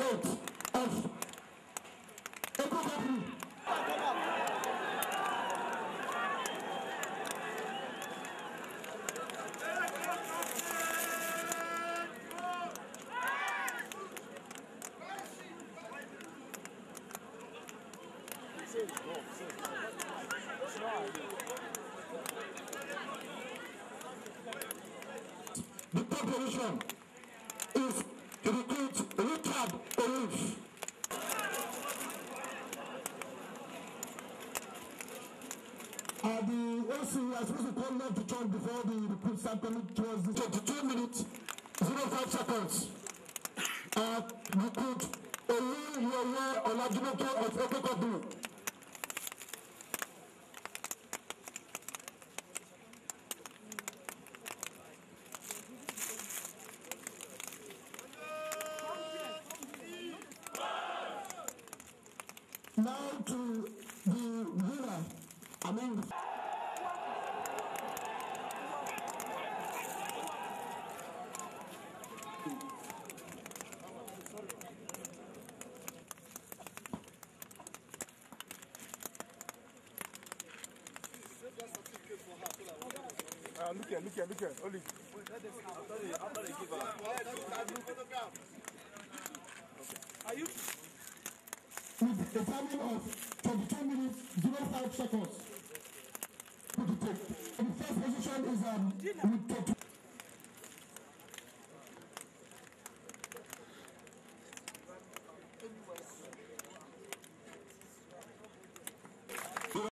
advocate of a The population is it the OC, I suppose we call left to turn before the recruit start coming towards the 22 minutes, 05 seconds. Uh, recruit Olu Yoye of now to the winner. I mean, look here, look here, look here, Oli. with a time of 22 minutes 05 seconds. In first position is um, with